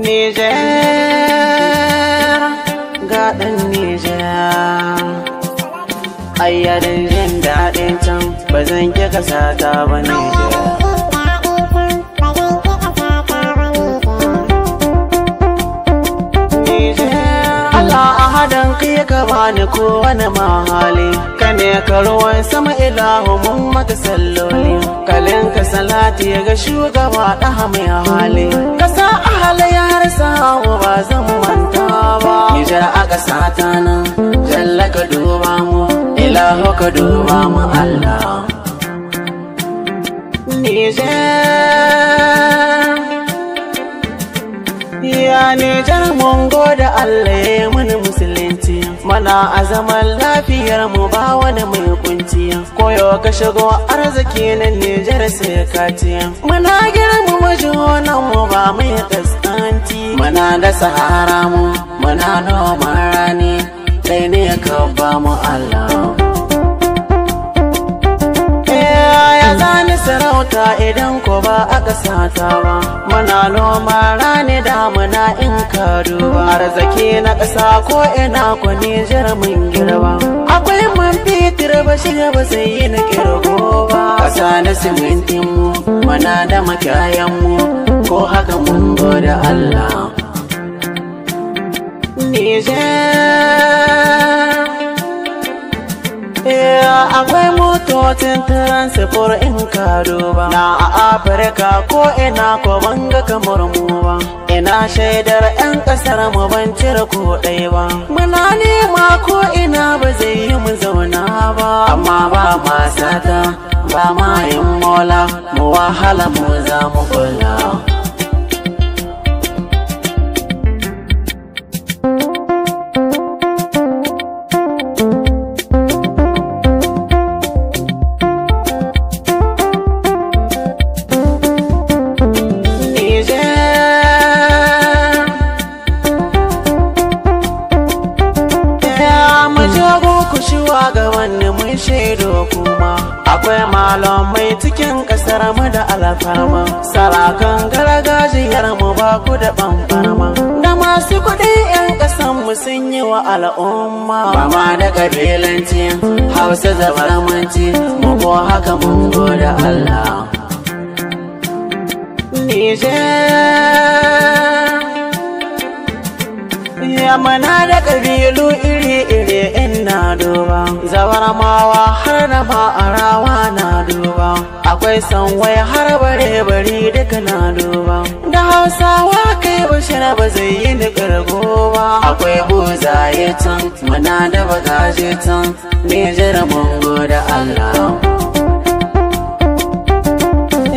Nijar ga ɗan Ayyarin jin daɗin can ba zan ki kasa ta ba kai ka bani kowane mahali ka ne ka ruwan sama ilahu mun salloli kalin ka salati ga shugaba ɗaha mai hali satana jalla ka duba mu ilaho ka duba mu Allah Nijar Ya Nijar mun goda Allah ya mani musulunci mana azamar lafiyarmu lafiyar mu ba wani mai kunci koyo ka shigo arziki na Nijar sai ka ci muna girmama junan mu ba mai taska. muna da sahara mu muna noman rani kai ne ka ba mu Allah eh, ya zani sarauta idan ku ba a ƙasata ba muna noma rani damuna in ka duba arziki na ƙasa ko ina ku nijar mun girba akwai man fitir ba shiga ba zai yi na kirgo ba ƙasa na simintin mu muna da makayan mu ko haka mun gode Allah Nijar eh, akwai motocin transfer in ka duba na a afirka ko ina ko banga kamar mu ba ina shaidar yan kasar mu ban cire ko dai ba muna nema ko ina ba zai yi mu zauna ba amma ba ma sata ba ma yin mola mu wahala mu za mu kula yi shaido kuma akwai malamai cikin kasar mu da alfarma sarakan gargajiyar mu ba ku da bambarma da masu kuɗi yan kasan mu sun yi wa al'umma ba ma da kabilanci hausa da baramanci mu ko haka mun gode Allah Nijar Yamana da ƙabilu iri-iri duba zawar mawa har da rawa na duba akwai sanwai har bare bari duka na duba da hausawa kai bashira ba zai yi ni ba akwai ya can mana da shi can ne jira mungo da allah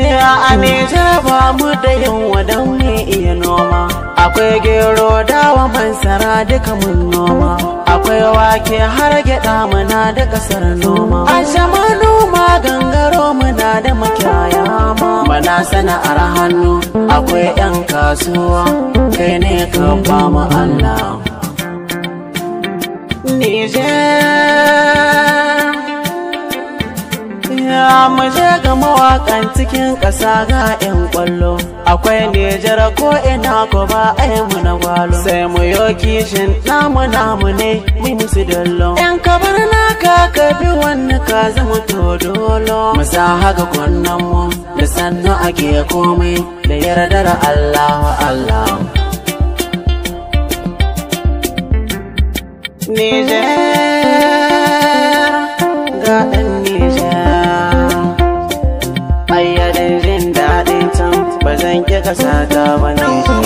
ya a ne jaraba mu da yin wadau ne iya no akwai gero dawa mansara duka mun noma akwai wake har gyaɗa muna da ƙasar noma a noma gangaro muna da makiyaya ma mana sana'ar hannu akwai 'yan kasuwa kai ne ka ba mu Allah Niger mu je ga mawakan cikin ƙasa ga 'yan ƙwallo. Akwai Nijar ko ina ko ba a mu na gwalo. Sai mu yo kishin namu namu ne mu musu dallo. 'Yan kabar na ka ka bi wani ka zama to dolo. Mu sa haka mu da sannu ake komai da yardar Allah wa Allah. Nijar. ka sata ba ne